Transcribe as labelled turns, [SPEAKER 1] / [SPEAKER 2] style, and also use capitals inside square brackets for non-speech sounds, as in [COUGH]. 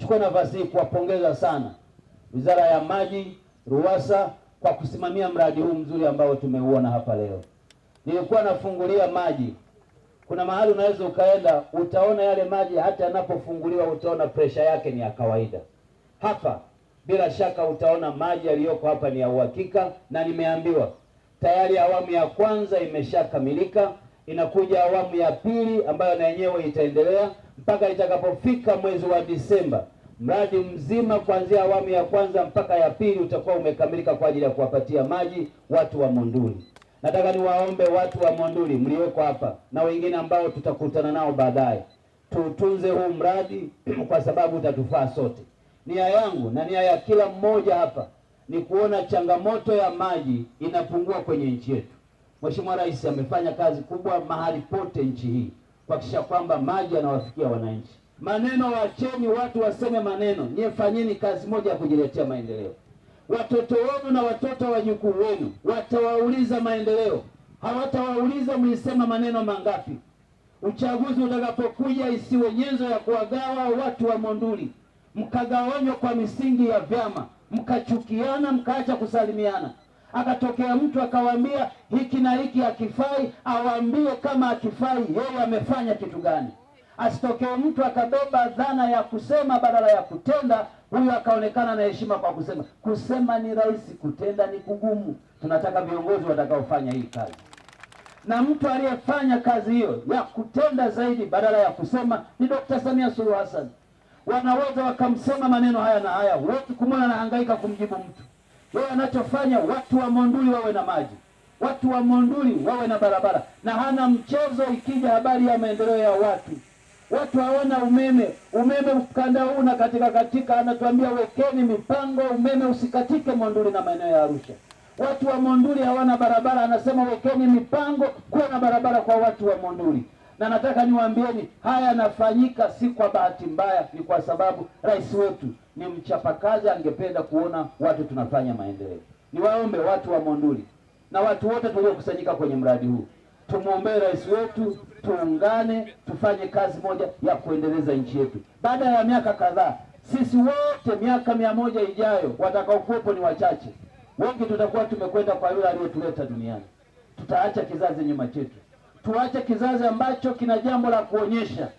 [SPEAKER 1] nichukue nafasi hii kuwapongeza sana Wizara ya Maji, RUWASA kwa kusimamia mradi huu mzuri ambao tumeuona hapa leo. Nilikuwa nafungulia maji, kuna mahali unaweza ukaenda utaona yale maji hata yanapofunguliwa utaona presha yake ni ya kawaida. Hapa bila shaka utaona maji yaliyoko hapa ni ya uhakika, na nimeambiwa tayari awamu ya kwanza imeshakamilika, inakuja awamu ya pili ambayo na yenyewe itaendelea mpaka itakapofika mwezi wa Disemba, mradi mzima kuanzia awamu ya kwanza mpaka ya pili utakuwa umekamilika kwa ajili ya kuwapatia maji watu wa Monduli. Nataka niwaombe watu wa Monduli mlioko hapa na wengine ambao tutakutana nao baadaye, tuutunze huu mradi [CLEARS THROAT] kwa sababu utatufaa sote. Nia yangu na nia ya kila mmoja hapa ni kuona changamoto ya maji inapungua kwenye nchi yetu. Mheshimiwa Rais amefanya kazi kubwa mahali pote nchi hii kuhakikisha kwamba maji yanawafikia wananchi. Maneno wacheni watu waseme maneno, nyie fanyeni kazi moja ya kujiletea maendeleo. Watoto wenu na watoto wajukuu wenu watawauliza maendeleo, hawatawauliza mlisema maneno mangapi. Uchaguzi utakapokuja isiwe nyenzo ya kuwagawa watu wa Monduli, mkagawanywa kwa misingi ya vyama, mkachukiana, mkaacha kusalimiana akatokea mtu akawaambia hiki na hiki akifai awaambie kama akifai yeye amefanya kitu gani. Asitokee mtu akabeba dhana ya kusema badala ya kutenda, huyo akaonekana na heshima kwa kusema. Kusema ni rahisi, kutenda ni kugumu. Tunataka viongozi watakaofanya hii kazi, na mtu aliyefanya kazi hiyo ya kutenda zaidi badala ya kusema ni Dkt. Samia Suluhu Hassan. Wanaweza wakamsema maneno haya na haya, wote kumwona anahangaika kumjibu mtu wewe anachofanya watu wa Monduli wawe na maji, watu wa Monduli wawe na barabara, na hana mchezo ikija habari ya maendeleo ya watu. Watu hawana umeme, umeme ukanda huu na katika katika, anatuambia wekeni mipango umeme usikatike Monduli na maeneo ya Arusha. Watu wa Monduli hawana barabara, anasema wekeni mipango kuwa na barabara kwa watu wa Monduli na nataka niwaambieni, haya yanafanyika si kwa bahati mbaya, ni kwa sababu rais wetu ni mchapakazi, angependa kuona watu tunafanya maendeleo. Niwaombe watu wa Monduli na watu wote tuliokusanyika kwenye mradi huu tumwombee rais wetu, tuungane, tufanye kazi moja ya kuendeleza nchi yetu. Baada ya miaka kadhaa, sisi wote, miaka mia moja ijayo, watakaokuwepo ni wachache, wengi tutakuwa tumekwenda kwa yule aliyetuleta duniani, tutaacha kizazi nyuma chetu tuache kizazi ambacho kina jambo la kuonyesha.